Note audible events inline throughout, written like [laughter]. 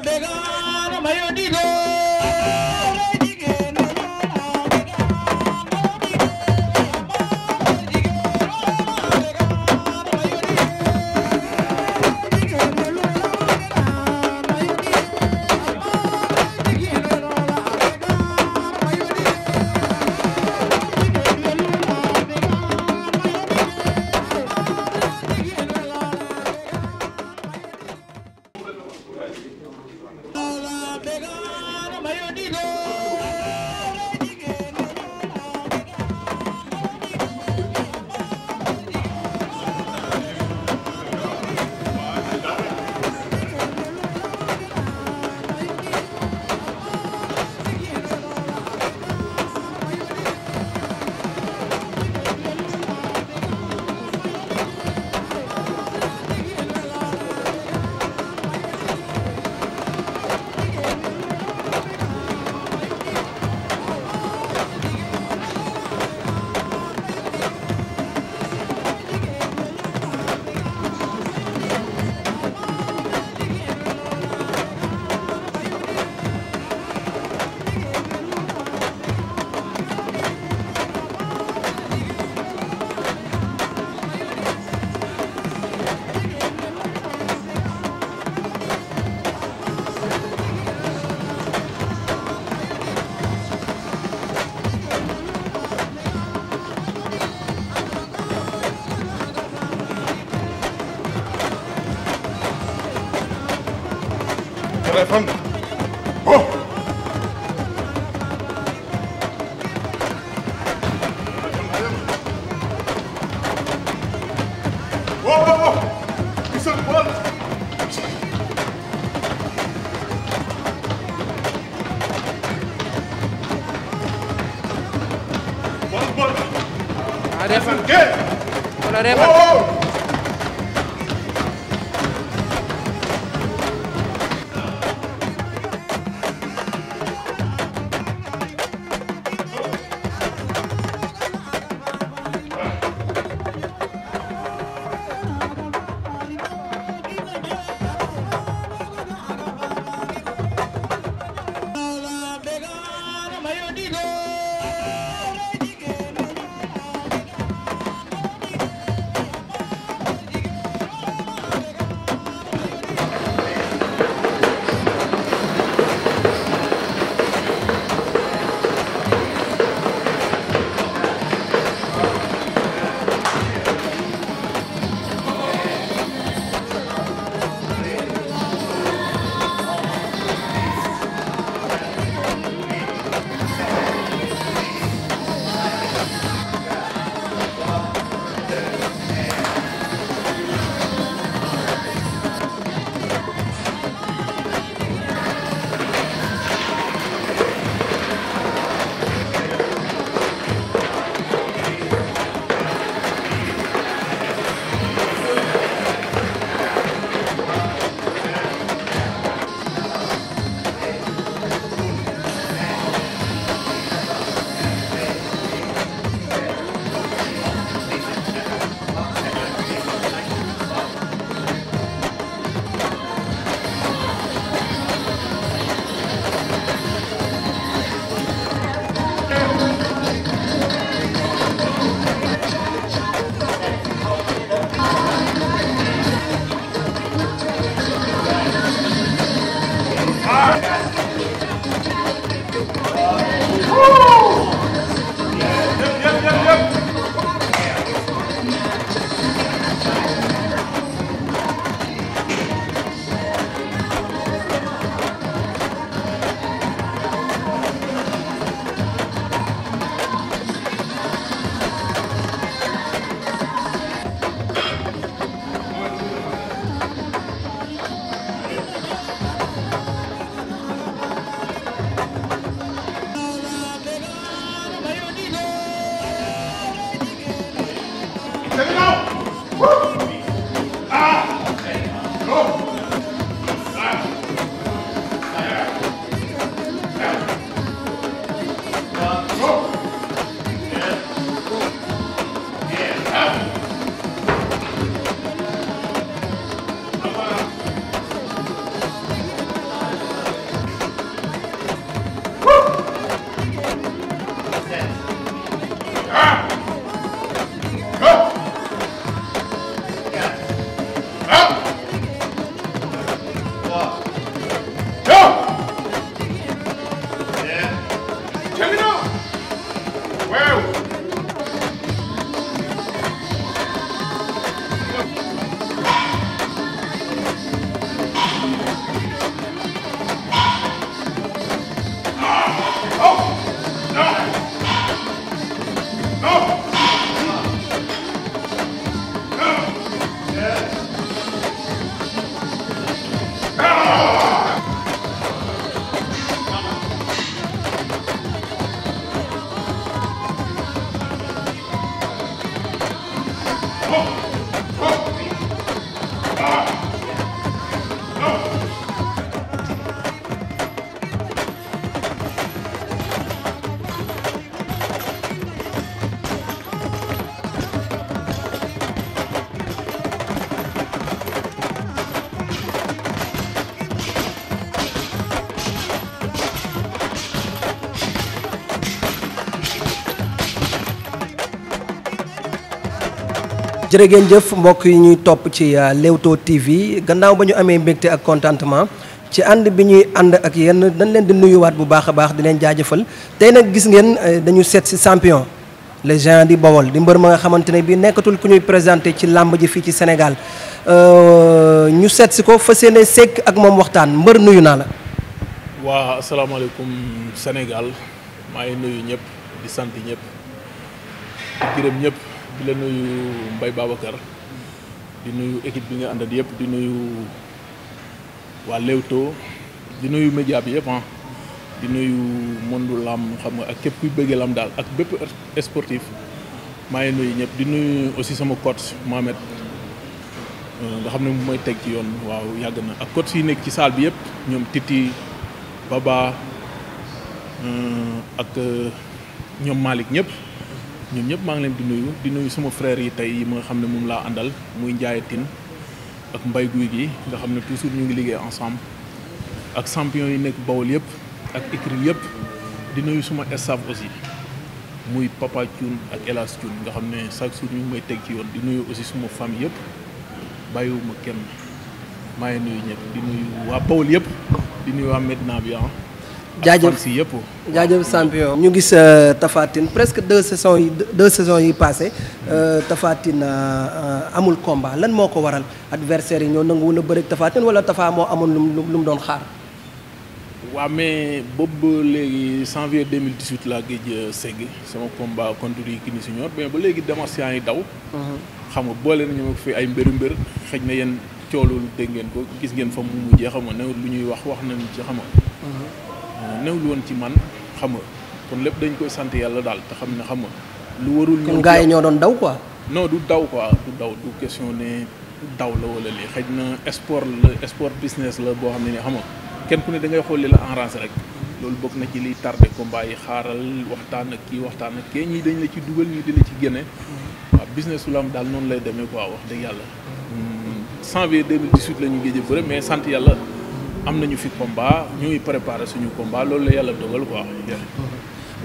mbega na mayoniro xam nga oh. Refa. ¿Qué? Hola, Refa. jërë ngeen jëf mbokk yi ñuy topp ci euh, Leewtoo TV gannaaw ba ñu amee mbégte ak contentement ci ànd bi ñuy ànd ak yenn dañ leen di nuyuwaat bu baax a baax di leen jaajëfal tey nag gis ngeen euh, dañu seet si champion le géant di Bawol di mbër ma nga xamante ne bii nekkatul ku ñuy présenté ci làmb ji fii ci Sénégal euh, ñu seet si ko fa yéene sekk ak moom waxtaan mbër nuyu naa la. waa asalaamaaleykum Sénégal maa ngi nuyu ñëpp di sant ñëpp di gërëm ñëpp. di la nuyu Mbaye Babacar di nuyu équipe bi nga àndal yëpp di nuyu waa Leewtoo di nuyu média bi yëpp ah di nuyu monde làmb xam nga ak képp kuy bëggee lam daal ak bépp sportif maa ngi nuyu ñëpp di nuyu aussi sama coach Mohamed euh, nga xam ne mu may teg ci yoon waaw yàgg na ak coach yi nekk ci salle bi yëpp ñoom Titi Baba euh, ak euh, ñoom Malick ñëpp. ñoom ñëpp maa ngi leen di nuyu di nuyu suma frère yi tey yi ma nga xam ne moom laa àndal muy Ndiaye Tine ak mbay Guy gi nga xam ne toujours ñu ngi liggéey ensemble ak champion yi nekk Bawol yëpp ak écrit yëpp di nuyu suma staff aussi muy Papa Thioune ak Elas Thioune nga xam ne chaque jour ñu ngi may teg ci yoon di nuyu aussi suma famille yëpp bàyyiwuma kenn maa ngi nuyu ñëpp di nuyu waa Bawol yëpp di nuyu waa Medina bi ah. jaajëf si yëpp jaajëf champion ñu gis euh, Tapha Tine presque deux saisons yi deux saisons yi passé euh, euh, amul combat lan moo ko waral adversaire yi ñoo nanguwul a bëri ak Tapha Tine wala Tapha moo amoon lu mu lu mu doon xaar. waaw mais boobu ba léegi janvier 2018 laa géej segg sama combat contre Yékini Junior mais ba léegi démarches yi daw. Mhm. xam nga boole nañu fi ay mbëru mbër xëj na yéen coolul dégg ngeen ko gis ngeen fa mu mujjee xam nga ne lu ñuy wax wax nañ ci xam néewlu woon ci man xam nga kon lépp dañ koy sant yàlla daal te xam ne xam nga lu warul ñëw gaa yi ñoo doon daw quoi. non du daw quoi du daw du question ne daw la wala lii xëj na sport la sport business la boo xam ne ni xam nga kenn ku ne da ngay xool li la arrange rek loolu bokk na ci liy tardé combat yi xaaral waxtaan ak kii waxtaan ak kee yi dañ la ci dugal ñii dina ci génne. waaw business su lamb daal noonu lay demee quoi wax dëgg yàlla. Hmm, janvier 2018 la ñu géej bëre sant yàlla. am nañu fi combat ñu ngi préparé suñu combat loolu la yàlla dogal quoi.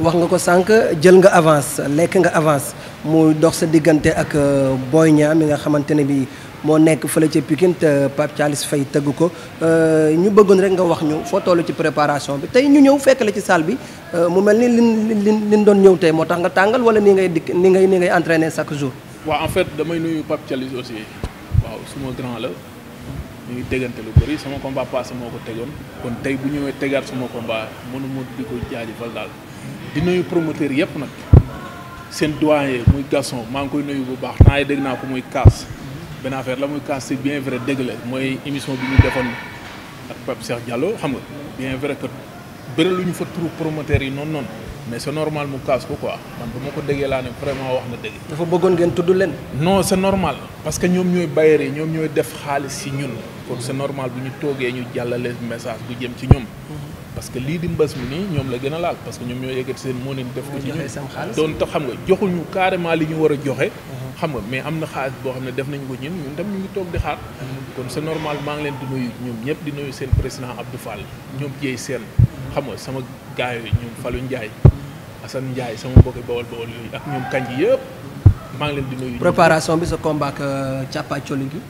wax nga ko sànq jël nga avance lekk nga avance mu dox sa diggante ak euh, Boy Niang mi nga xamante ne bii moo nekk fële ca Pikine te Pape Thialis fay tëgg ko euh, ñu bëggoon rek nga wax ñu foo toll ci préparation bi tey ñu ñëw fekk la ci salle bi euh, mu mel ni lin lin lin doon ñëw tey moo tax nga tàngal wala ni ngay dikk ni ngay ni ngay entraîner chaque jour. waa en fait damay nuyu Pape aussi waaw suma la. ñu ngi déggante lu bari sama combat passé moo ko tegoon kon tey bu ñëwee tegaat sama combat mënuma di ko jaajëfal daal di nuyu promoteur yëpp nag seen doyen muy Gaston maa ngi koy nuyu bu baax temps yi dégg naa ko muy kaas benn la muy kaas c'est bien vrai dégg la mooy émission bi ñu defoon ak Pape Cheikh Diallo xam nga bien vrai que bëri lu ñu fa turu promoteurs yi noonu noon mais sa normal mu kaas ko quoi man bu ma ko déggee laa ne vraiment wax na dëgg. dafa bëggoon ngeen tudd leen. non c'est normal parce ñoom ñooy bailleurs yi ñoom ñooy def xaalis si ñun. kon c'est normal bu ñu toogee ñu jàllale message bu jëm ci ñoom. parce que lii di mbas mi nii ñoom la gën a laal parce que ñoom ñoo yëkkati seen moo leen def ko ci ñun doon tax xam nga joxuñu carrément li ñu war a joxe. Mhm. xam nga mais am na xaalis boo xam ne def nañ ko ñun ñun tam ñu ngi toog di xaar. Mhm. kon c'est normal maa ngi leen di nuyu ñoom ñëpp di nuyu seen président Abdou Fall ñoom Dieye Sène xam nga sama gars yi ñoom falu Ndiaye Assane Ndiaye sama mbokki bawol bawol yooyu ak ñoom kañ yi yëpp maa ngi leen di nuyu. préparation bi sa combat ak Capa euh, gi.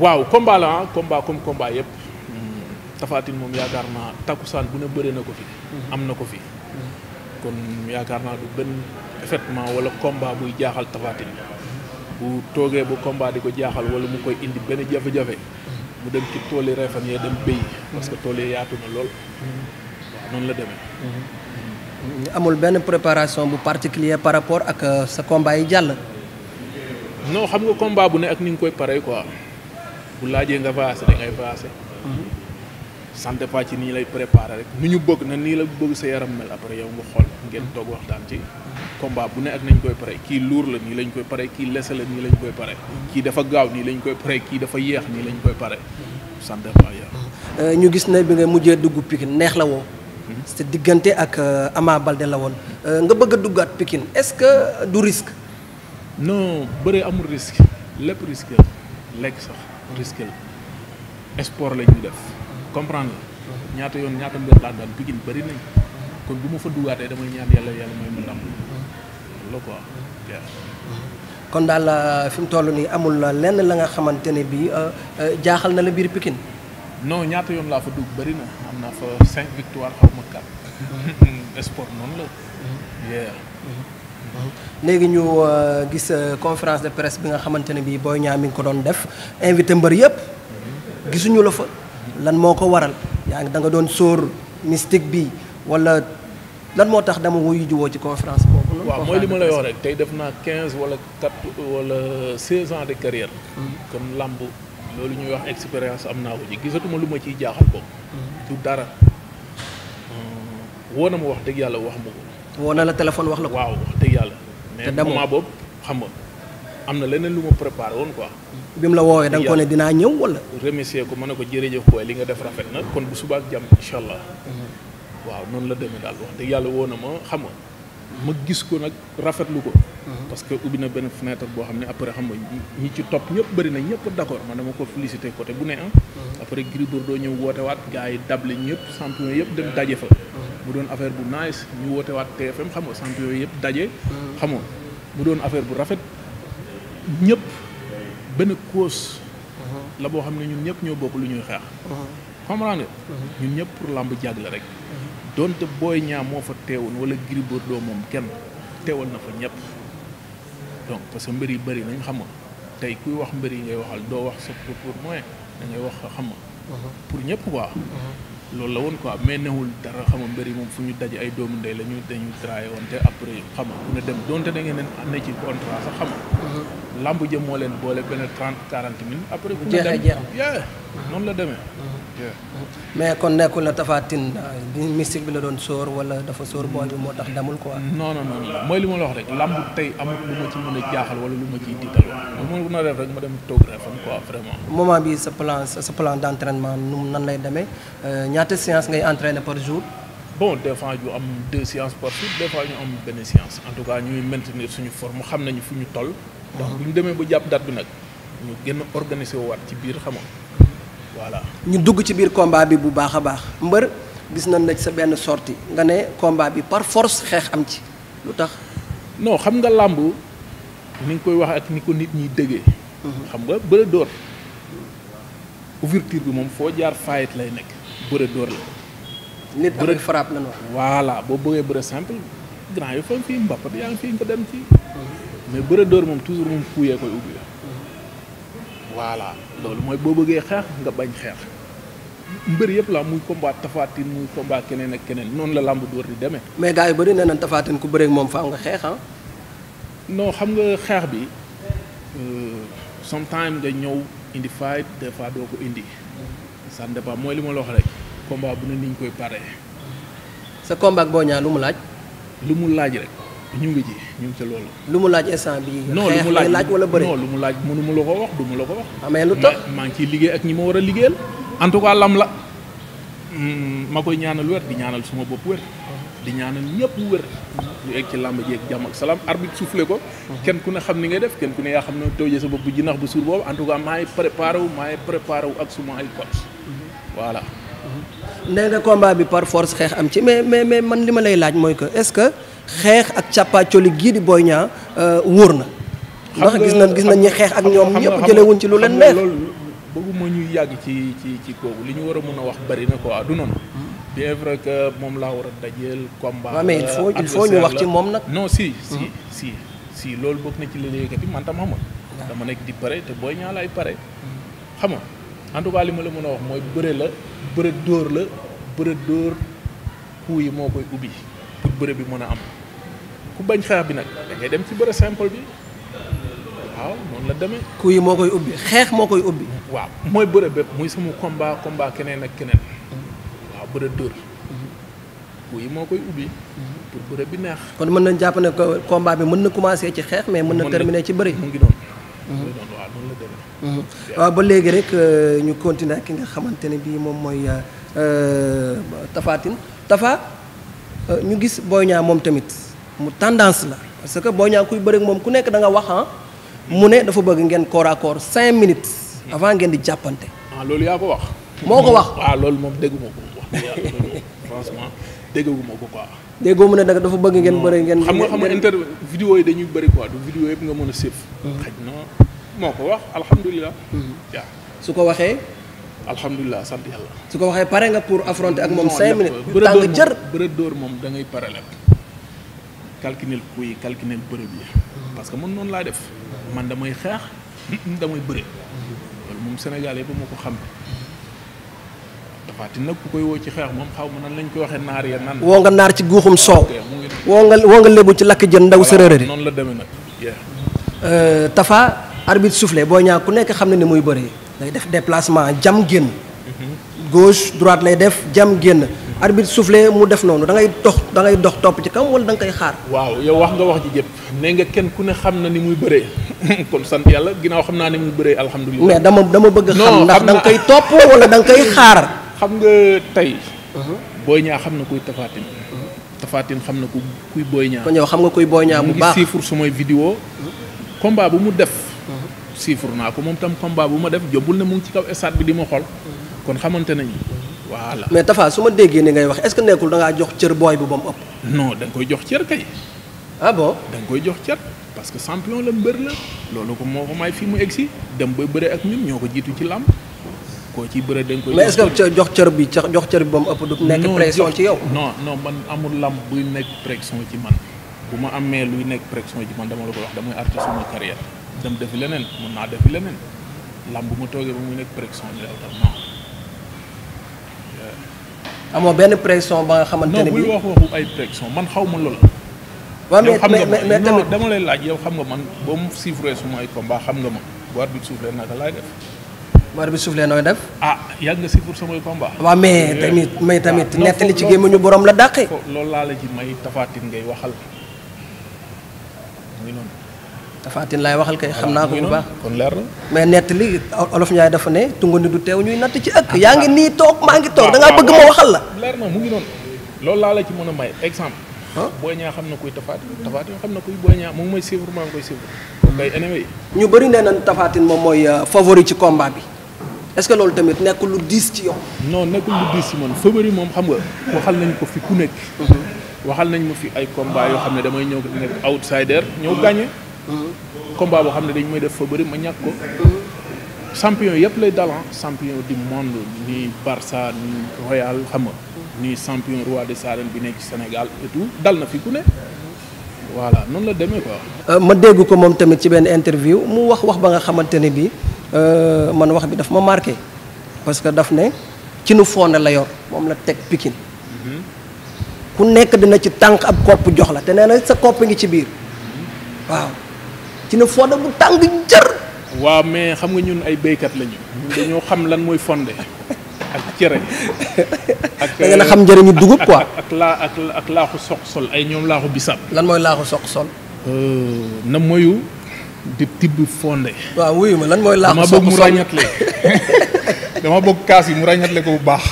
waaw combat la ah combat comme yëpp. Tafatine moom yaakaar naa saan bu ne bëree na ko fi. Mhm. am na ko fi. Mhm. kon yaakaar naa du benn effectivement wala combat buy jaaxal Tafatine mhm. bu toogee bu combat di ko jaaxal wala mu koy indi benn jafe-jafe. mu dem ci tool yi reefam yee dem béy parce que tool yi yaatu na lool waaw noonu la demee mhm. amul benn préparation bu particulier par rapport ak euh, sa combat yi jàll non xam nga combat bu ne ak ni nga koy paree quoi bu laajee nga vaase da ngay sante ne ci ni lay préparer rek ni ñu bëgg na nii la bëgg sa yaram mel après yow nga xool ngeen mm-hmm. toog waxtaan ci combat bu ne ak nañ koy pare kii lourd la nii lañ koy pare kii lese la nii lañ koy pare mm-hmm. kii dafa gaaw nii lañ koy pare kii dafa yéex nii lañ koy pare ça ne ñu gis ne bi nga mujjee dugg Pikine neex la woo mm-hmm. sa diggante ak euh, Ama Baldé la woon euh, nga bëgg a duggaat Pikine est-ce que du risque non bëree amul risque lépp risque la lekk sax risque la sport lañ def comprendre la ñaata yoon ñaata mbir laa daan Pikine bëri nañ kon bu ma fa dugaatee damay ñaan yàlla yàlla may mu ndam kon daal euh, fi mu toll nii amul lenn la nga xamante ne bii euh, euh, jaaxal na la biir Pikine non ñaata yoon laa fa dugg bëri na am naa fa cinq victoire xaw ma quatre [laughs] sport noonu la léegi ñu gis conférence de presse bi nga xamante ne bii booy Niang mi ngi ko doon def invité mbër yëpp mm-hmm. gisuñu la fa lan moo ko waral yaa ngi da nga doon sóor mystique bi wala lan moo tax dama wuyu jiwoo ci conférence boobu. waaw mooy li lay wax rek tey def naa quinze wala quatre wala seize ans de carrière. kon hmm. làmb loolu ñuy wax expérience am naa ko gisatuma lu ma ciy jaaxal boobu. Hmm. du dara. Hmm. woo na ma wax dëgg yàlla wax ma ko. woo na la téléphone wax la ko. waaw wax dëgg yàlla. te mais boobu xam nga. am na leneen lu ma préparé woon quoi. bi mu la woowee da nga ko dinaa ñëw wala. remercier ko ma ne ko jërëjëf booy li nga def rafet na kon bu subaak jam incha allah. Mm-hmm. waaw noonu la demee daal wax dëgg yàlla woo na ma xam nga ma gis ko nag rafetlu ko. Mm-hmm. parce que ubbi na benn fenêtre boo xam ne après xam nga ñi ci topp ñëpp bëri na ñëpp d' accord man dama ko félicité côté bu ne ah. Mm-hmm. après Gris doo ñëw woote waat gars yi dable ñëpp champion yëpp dem daje fa. mu doon affaire bu nice ñu woote waat TFM xam nga champion yëpp daje. xam mu doon affaire bu rafet. ñëpp benn cause la boo xam ne ñun ñëpp ñoo bokk lu ñuy xeex comprendre nga ñun ñëpp pour làmb jàgg la rek donte booy ñaa moo fa teewoon wala Gris Bordeaux moom kenn teewal na fa ñëpp donc parce que mbër yi bëri nañ xam nga tey kuy wax mbër yi ngay waxal doo wax sa pour pour moyen da ngay wax xam nga pour ñëpp quoi loolu la woon quoi mais newul dara xam nga mbër yi moom fu ñu daje ay doomu ndey la ñu dañu traayé woon te après xam nga ku ne dem donte da ngeen ne ci contrat lamb jëm moo leen boole benn trente quarante minutes. après bu jeexee jeex na uh-huh. noonu la demee. Uh-huh. Uh-huh. mais kon nekkul la tafaatin uh, bi mystique bi la doon sóor wala dafa sóor mm. booy bi moo tax demul quoi. non non non mooy li ma la wax rek lu ma ci mën a jaaxal wala lu ma ciy diital wala lu ma mën a def rek ma bi sa plan sa plan d' entraînement nu nan lay demee euh, ñaata séance ngay entraîner par jour. bon des fois ñu am deux séances par jour des fois am benn séance en tout cas ñuy maintenir suñu forme xam nañu donc ñu demee ba jàpp date bi nag ñu génn a organiser ci biir xam nga voilà. ñu dugg ci biir combat bi bu baax a baax mbër gis nañ la sa benn sortie nga ne combat bi par force xeex am ci lu tax. non xam nga làmb ni nga koy wax ak ni ko nit ñi déggee. Mhm. xam nga bëre door ouverture bi moom foo jaar faayit lay nekk bëre door la. nit bëre frappe la ñu wax. boo bëggee bëre simple grand yi fa fii mbappat yaa ngi fi nga dem ci. mais bëre door moom toujours moom fuuyee koy ubbi voilà loolu mooy boo bëggee xeex nga bañ xeex mbër yëpp la muy combat tafaatin muy combat keneen ak keneen noonu la làmb dóor di demee. mais gars yu bëri nee nañ tafaatin ku bëreeg moom faaw nga xeex ah. noo xam nga xeex bi euh, sometimes nga ñëw indi fight des fois doo ko indi ça mooy li ma la wax rek combat bu ne ni ñu koy pare sa combat boo ñaa lu mu laaj. lu mu laaj rek. ñu ngi ji ñu ngi ci loolu. lu mu laaj instant bi non lu mu laaj wala bëri lu mu laaj mënu ma la ko wax du ma la ko wax. Ah, lu tax maa ngi ciy liggéey ak ñi ma war a liggéeyal. en tout lam la mm, ma koy ñaanal wér di ñaanal suma bopp wér. di ñaanal ñëpp wér. ñu egg ci làmb ji ak jàmm ak salaam arbitre soufflé ko. kenn ku ne xam ni ngay def kenn ku ne yaa xam ne tawjee sa bopp bu jinax bu suur boobu en tout cas maay préparé wu maay préparé wu ak suma ay coach. voilà. nee nga combat bi par force xeex am ci mais mais mais man li ma lay laaj mooy que est-ce que xeex ak càppaacoli gii di Boy Niang euh, wóor na. ndax gis na gis na ñi xeex ak ñoom ñëpp jëlee wuñ ci lu leen neex. bëgguma ñuy yàgg ci ci ci kooku li ñu war a mën a wax bari na quoi du noonu. bien vrai que moom laa war a dajeel. combat waaw mais il faut il faut ñu wax ci moom nag. non si hmm. si si loolu bokk na ci li yëkkati man tam xam dama nekk di pare te booy ñaa laay pare. xam nga en tout cas li ma la mën a wax mooy bëre la. bëre dóor la bëre dóor kuu yi moo koy ubbi pour bëre bi mën a am ku bañ xeex bi nag da dem ci bëre simple bi waaw noonu la demee. kuu yi moo koy ubbi xeex moo koy ubbi. waaw mooy bërëb bépp muy sama combat combat keneen ak keneen waaw bëre dóor kuu yi moo koy ubbi. pour bëre bi neex. kon mën nañ jàpp ne combat bi mën na commencer ci xeex mais mën na terminer ci bëre. mu ngi noonu Mm-hmm. waaw noonu ba léegi rek euh, ñu continuer ki nga xamante ne bii moom mooy euh, euh, Tapha Tine Tapha ñu gis Boy ñaa moom tamit mu tendance la parce que Boy Niang kuy bëri moom ku nekk da nga wax ah, mu ne dafa bëgg ngeen corps à corps cinq minutes avant ngeen di jàppante. Ah, loolu yaa ko wax. moo ko wax waaw ah, loolu moom dégguma ko ko quoi. déggoo mu ne nag dafa bëgg ngeen bëri ngeen. xam nga xam nga inter vidéo yi dañuy bëri quoi du vidéo yëpp nga mën a séef. Mm-hmm. moo ko wax alhamdulilah. waaw mm-hmm. su ko waxee. alhamdulilah sant yàlla. su ko waxee pare nga pour affronter ak moom. 5 minutes tàng jër bëre dóor moom da ngay pare lépp. calculer bi. parce que man noonu laa def. man damay xeex [clears throat] damay bëre. Mm-hmm. loolu moom Sénégal yëpp moo ko xam. Tafatin nag ku koy woo ci xeex moom xaw ma nan lañ koy waxee naar ya nan. woo nga naar ci guuxum soow. woo nga woo nga lébu ci lakk jën ndaw sërërëri. noonu la demee nag. Euh, Tafa arbitre boo ñaa ku nekk xam na ni muy bëri day def déplacement jam génn. Mm-hmm. gauche lay def jam génn. Mm-hmm. arbitre soufflé mu def noonu da ngay dox da ngay dox topp ci kam wala da nga koy xaar. waaw yow wax nga wax ji jëpp. ne nga kenn ku ne xam na ni muy bëree [laughs] kon sant yàlla ginnaaw xam naa ni muy bëree alhamdulilah. dama dama bëgg xam. ndax da nga koy topp wala danga nga koy xaar. xam nga tey. Uh-huh. Boy Niang xam na kuy Tapha Tine. Uh-huh. Tapha Tine xam na ku kuy Boy Niang. kon yow xam nga kuy baax mu ngi siifur sumay vidéo. Uh-huh. combat bu mu def. siifur naa ko moom tam combat bu ma def jombul ne mu ngi ci kaw stade bi di ma xool. kon xamante nañu. voilà mais Tapha su ma déggee ni ngay wax est-ce que nekkul dangaa jox cër booy bu ba mu ëpp. non da koy jox cër kay. ah bon koy jox cër parce que champion la mbër la loolu ko moo ko may fii mu egg si dem ba bëre ak ñun ñoo ko jiitu ci làmb. ko ci bëre dañ koy. mais est jox cër bi jox cër bi ba mu ëpp du nekk pression ci yow. non non man amul lamb buy nekk pression ci man bu ma amee luy nekk pression ci man dama la ko wax damay arrêté suma carrière dem defi leneen mën naa defi leneen lamb bu ma toogee ba muy nekk pression bi la non. Euh, amoo benn pression ba nga xamante ne bi non buy wax waxu ay pression man xaw ma loolu. waaw mais mais mais tamit dama lay laaj yow xam nga man boo mu chiffré suma ay combat xam nga ma bu arbitre soufflé naka laay def. war bi suuf lee nooy def. ah yàgg nga si pour samay combat. waaw mais eh, tamit mais ah, tamit nettali ci gémmiñu borom la dàqee. loolu laa la ci may tafaatin ngay waxal muy laay waxal kay xam naa ko bu baax. kon leer na. mais nettali olof Ndiaye dafa ne tungu ni du teew ñuy natt ci ëkk. Ah, yaa ngi ah. nii toog maa ngi toog da bëgg ma waxal la. leer na mu ngi noonu. loolu laa la ci mën a may exemple. Boy Niang xam na kuy tafaatin tafaatin xam na kuy Boy Niang mu ngi may suivre maa ngi koy suivre. ñu bari nee nañ tafaatin moom mooy euh, favori ci combat bi. est-ce que loolu tamit nekk lu diis ci yow. non nekkul lu diis ci man favori moom xam nga waxal nañ ko fi ku nekk. Mhm. waxal nañ ma fi ay combat yoo xam ne damay ñëw nekk outsider ñëw gagné. Mhm. combat boo xam ne dañu may def foo favori ma ñàkk ko. Mhm. champion yëpp lay dalan ah. champion du monde ni Barça ni Royal xam nga. ni champion roi des arènes bi nekk Sénégal et tout dal na fi ku ne. voilà noonu la demee ko euh, ma dégg ko moom tamit ci benn interview mu wax wax ba nga xamante ne bii. Euh, man wax bi daf ma marqué parce que daf ne ci nu foone la yor moom la teg pikin ku nekk dina ci tànk ab kopp jox la te nee na sa kopp ngi ci biir waaw ci nu fonde bu tàng jër waaw mais xam nga ñun ay béykat lañu ñun dañoo xam lan mooy fonde ak cere ak da ngeen xam njëriñu dugub quoi ak laa ak ak laaxu soq sol ay ñoom laaxu bisab lan mooy laaxu soq sol euh, na moyu di tibb fondé. waaw wuyu ma lan mooy. laaxu soq dama bëgg mu ràññatle [laughs] kaas yi mu ràññatle ko bu baax.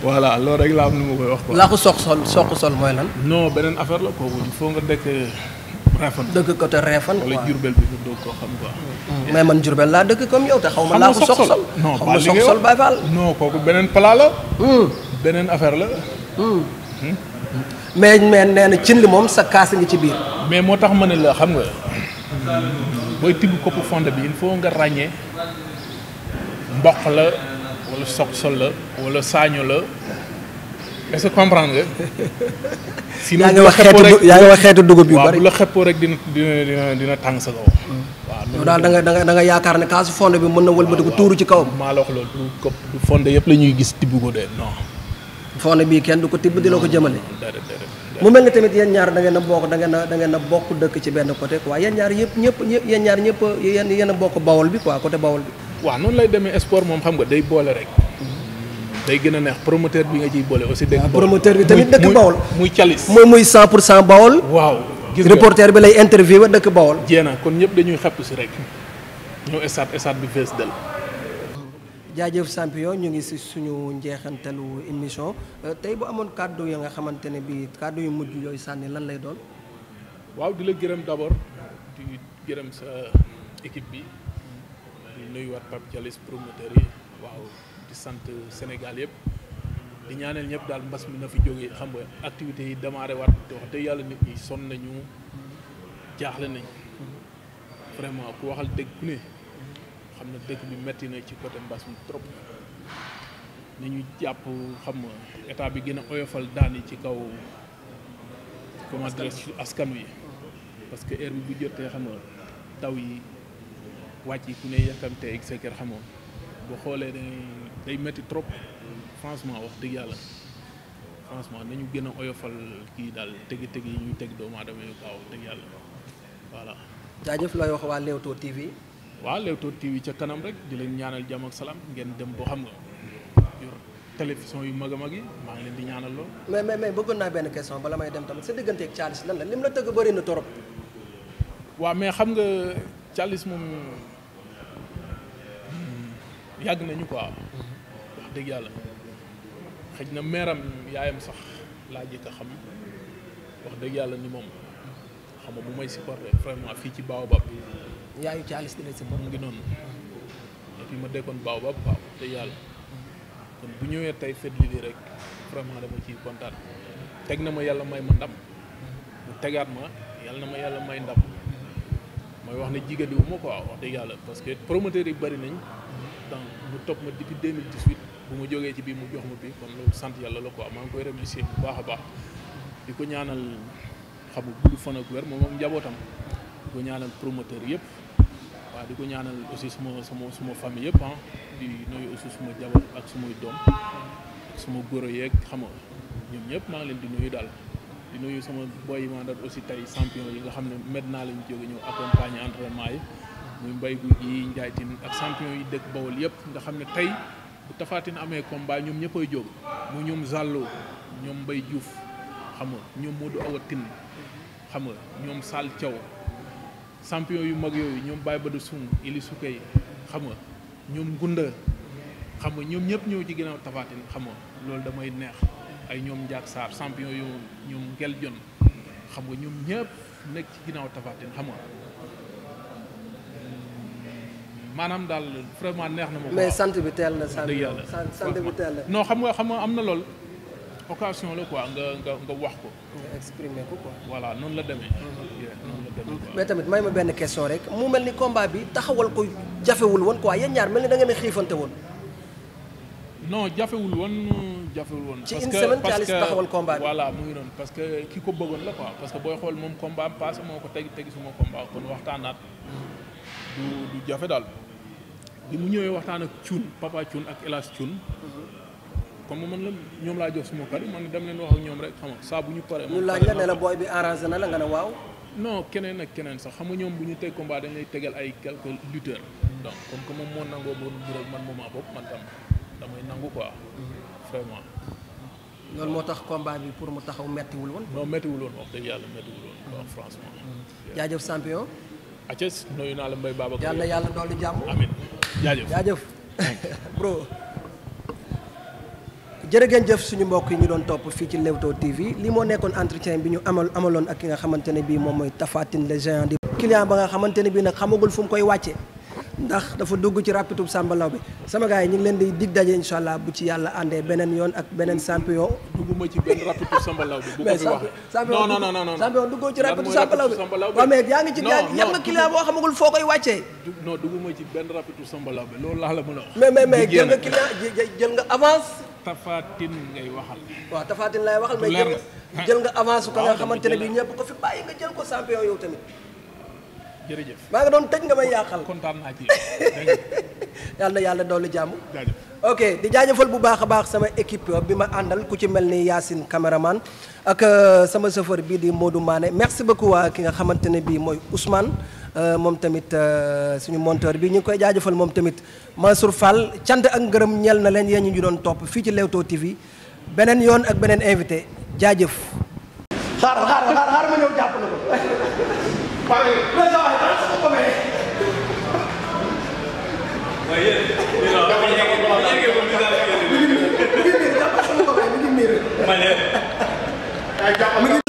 voilà loolu rek laa am nu ma koy wax. laaxu soq sol soq sol mooy lan. non beneen affaire la kooku il faut nga dëkk Réfane. dëkk côté Réfane quoi wala Jurbel bi nga mm. laa dëkk comme xaw ma. laaxu soq sol non xaw ma soq sol Baay Faal. beneen plat la. Mm. beneen affaire la. Mm. Hmm? mais mais nee na cin li moom sa kaas ngi ci biir. mais moo tax ma ne la xam nga. booy tibb kopp fonde bi il faut nga ràññee mboq la wala soqsol la wala saaño la est-ce que nga. [laughs] sinon yaa ngi wax xeetu yaa ngi wax xeetu dugub yu bari. waaw la xeppoo rek dina dina dina dina tàng sa kaw. waaw loolu daal da nga da nga nga yaakaar ne kaasu fonde bi mën na wëlbatiku tuuru ci kawam. maa la wax loolu du kopp du fonde yëpp la ñuy gis tibb ko de fonde bii kenn du ko tibb di ko jëmale. mu mel ne tamit yéen ñaar da ngeen a bokk da ngeen a da ngeen a bokk dëkk ci benn côté quoi yéen ñaar yëpp ñëpp ñëpp yéen ñaar ñëpp yéen yéen a bokk bawol bi quoi côté bawol bi waaw noonu lay demee sport moom xam nga day boole rek day gën a neex promoteur bi nga ciy boole aussi dëkk promoteur bi tamit dëkk bawol muy calis moom muy 100 pour cent bawol waaw gis nga reporter bi lay interview dëkk bawol jéena kon ñëpp dañuy xaptu si rek ñëw stade stade bi fees del jaajëf champion ñu ngi si suñu njeexantalu émission euh, tey bu amoon kàddu ya nga xamante ne bii kàddu yu mujj yooyu sànni lan lay doon. waaw di la gërëm d'abord di gërëm sa équipe bi di nuyuwaat Pape Thialis promoteur yi waaw di sant Sénégal yëpp di ñaanal ñëpp daal mbas mi na fi jógee xam nga activités yi démarré waat wax dëgg yàlla nit ñi sonn nañu jaaxle nañ vraiment ku waxal dëgg ku ne. xam ne dëkk bi metti na ci côté mbas mi trop nañu jàpp xam nga état bi gën a oyofal daan yi ci kaw comment dirais-je askan wi parce que heure bi bu jotee xam nga taw yi wàcc yi ku ne yàkkamtee ak sa xam nga boo xoolee day day metti trop franchement wax dëgg yàlla franchement nañu gën a oyofal kii daal tegi tegi yi ñuy teg doomu aadama yu kaaw dëgg yàlla voilà. jaajëf looy wax waa Leewtoo TV. waaw Leewtoo TV ca kanam rek di leen ñaanal jàmm ak salaam ngeen dem boo xam nga yor télévision yu mag a mag yi maa ngi leen di ñaanal lool. mais mais mais bëggoon naa benn question bala may dem tamit sa diggante ak Thialis lan la lim la tëgg bëri na torop. waa mais xam nga Thialis moom yàgg nañu ko wax dëgg yàlla xëj na meeram yaayam sax laa jëkk a xam wax dëgg yàlla ni moom xam nga bu may supporté vraiment fii ci Baobab. yaayu caalis dina si bor mu ngi noonu et ma déggoon baaw te yàlla bu ñëwee tey fët li rek vraiment dama ciy kontaan teg na ma yàlla may ma ndam mu ma yàlla na ma yàlla may ndam wax ne jigéen wu ma quoi wax dëgg yàlla parce que promoteurs yi bari nañ donc mu topp ma depuis 2018 bu ma jógee ci bii mu jox ma bii kon sant yàlla la quoi maa ngi koy remercier bu baax a baax di ko ñaanal xam nga gudd fan moom ak njabootam di ko ñaanal promoteur yëpp waaw di ko ñaanal aussi suma suma suma famille yëpp ah di nuyu aussi suma jabar ak sumay doom ak suma góor yeeg xam nga ñoom ñëpp maa ngi leen di nuyu daal di nuyu sama boy yi aussi tey champion yi nga xam ne med naa lañu jóge ñëw muy mbay gu yi ak champion yi dëkk bawol yëpp nga xam ne tey bu tafaatin amee combat ñoom ñëpp ay jóg mu ñoom zàlloo ñoom mbay juuf xam nga ñoom Modou Awa Tine xam nga ñoom Sall Thiaw champion yu mag yooyu ñoom Baye Badou Soum Ili Soukey xam nga ñoom Gunda xam nga ñoom ñëpp ñëw ci ginnaaw Tapha xam nga loolu damay neex ay ñoom Ndiak Sarr champion yu ñoom Ngel Jon xam nga ñoom ñëpp nekk ci ginnaaw Tapha Tine xam nga maanaam daal vraiment neex na ma. mais sant bi teel na sant bi teel na. non xam nga xam nga am na lool. occasion la quoi nga nga nga wax ko. nga ko voilà noonu la demee. mais tamit may ma benn question rek mu mel ni combat bi taxawal ko jafewul woon quoi yéen ñaar mel ni da ngeen a xiifante woon. non jafewul woon jafewul woon. parce que ci une semaine Thialis taxawal combat bi voilà mu ngi doon parce que ki ko bëggoon la quoi parce que booy xool moom combat am passé moo ko teg teg suma combat kon waxtaanaat du du jafe daal bi mu ñëwee waxtaan ak Thioune papa Thioune ak El Hadj mhm. comme man la ñoom laa jox suma kàddu man dem leen wax ak ñoom rek xam nga saa bu ñu paree. ñu laaj la ne la booy bi arrangé na la nga ne waaw. non keneen ak keneen sax xam nga ñoom bu ñu teg combat dañ lay tegal ay quelques lutteurs. donc comme que moom moo nangoo ba bu rek man moment boobu man tam damay nangu quoi. vraiment. loolu moo tax combat bi pour mu taxaw méttiwul woon. non méttiwul woon wax dëgg yàlla méttiwul woon. waaw franchement. Mm-hmm. jaajëf champion. Aces nuyu naa la Mbaye Babacar. yàlla yàlla dolli jàmm. amiin jaajëf jaajëf. [laughs] jërë ngeen jëf suñu mbokk yi ñu doon topp fii ci Leewtoo TV li moo nekkoon entretien bi ñu amal amaloon ak ki nga xamante ne bii moom mooy Tapha Tine le géant di client ba nga xamante ne bii nag xamagul fu mu koy wàcce ndax dafa dugg ci rapitub Samba Law sama gars yi ñu ngi leen di dig daje incha allah bu ci yàlla àndee beneen yoon ak beneen champion. dugguma ci benn rapitub Samba Law bi. bu ko fi wax non non non non champion duggoo ci rapitub Samba Law bi mais yaa ngi ci nga client boo xamagul foo koy wàccee. dugguma ci benn rapitub Samba bi loolu laa la mën a wax. mais jël nga client jël nga avance. Tafatin ngay waxal. waaw Tafatin laay waxal. mais jël nga avance. waaw nga xamante ne bii ñëpp ko fi bàyyi nga jël ko champion yow tamit. jërëjëf maa nga doon tëj nga may yàqal kontaan naa ci [laughs] yàlla yàlla dolli jàmm ok di jaajëfal bu baax a baax sama équipe bi ma àndal ku ci mel ni Yacine caméraman ak euh, sama chauffeur bii di Modou Mané merci beaucoup waa ki nga xamante ne bii mooy Ousmane euh, moom tamit euh, suñu monteur bi ñu ngi koy jaajëfal moom tamit Mansour Fall cant ak ngërëm ñel na leen yeen ñu doon topp fii ci Leewtoo TV beneen yoon ak beneen invité jaajëf xaar ma ñëw jàpp na ko waaye mais ça va dara su ko bëggee. waaye yéen. yéen a ngi ko ko wax yéen a ngi ko wax. mi ngi miir mi ngi miir jàpp